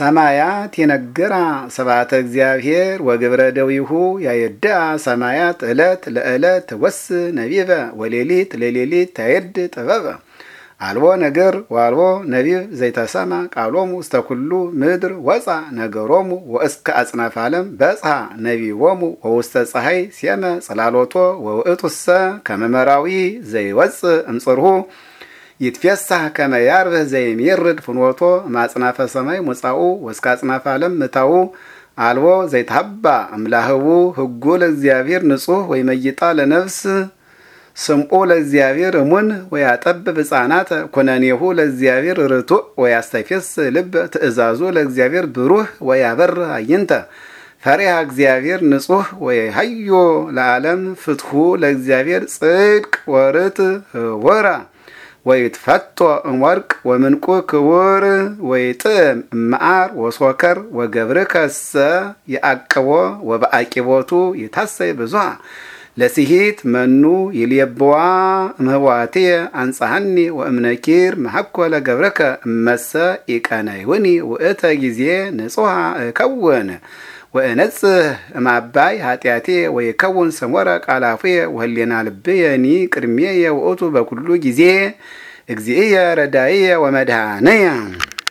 ሰማያት የነገራ ሰባተ እግዚአብሔር ወግብረ ደዊሁ ያየዳ ሰማያት ዕለት ለዕለት ወስ ነቢበ ወሌሊት ለሌሊት ታየድ ጥበበ አልቦ ነገር ወአልቦ ነቢብ ዘይተሰማ ቃሎሙ ውስተ ኩሉ ምድር ወፃ ነገሮሙ ወእስከ አጽናፈ ዓለም በጽሐ ነቢቦሙ ወውስተ ፀሐይ ሴመ ጽላሎቶ ወውእቱሰ ከመመራዊ ዘይወፅእ እምጽርሁ ይትፌሳህ ከመ ያርብህ ዘይሚርድ ፍኖቶ ማጽናፈ ሰማይ ሙጻኡ ወስከ አጽናፈ ዓለም ምታው አልቦ ዘይታባ እምላህቡ ህጉ ለእግዚአብሔር ንጹህ መይጣ ለነፍስ ስምዑ ለእግዚአብሔር እሙን ወያጠብብ ሕፃናት ኩነኔሁ ለእግዚአብሔር ርቱዕ ወያስተፌስ ልብ ትእዛዙ ለእግዚአብሔር ብሩህ ወያበር አይንተ ፈሪሃ እግዚአብሔር ንጹህ ወይሃዮ ለዓለም ፍትሁ ለእግዚአብሔር ጽድቅ ወርት ወራ ወይትፈጦ እምወርቅ ወምንቁ ክቡር ወይጥም እምዓር ወሶከር ከሰ ይአቅቦ ወበአቂቦቱ ይታሰይ ብዙሃ ለሲሂት መኑ ይልየብዋ እምህዋትየ አንጻሃኒ ወእምነኪር መሐኮ ለገብርከ እመሰ ኢቀናይውኒ ውእተ ጊዜ ንጹሃ እከውን ወእነጽህ እማባይ ኃጢአቴ ወይከውን ሰሞረ ቃላፉየ ወህሌና ልብየኒ ቅድሜየ ውእቱ በኩሉ ጊዜ እግዚእየ ረዳእየ ወመድኃነየ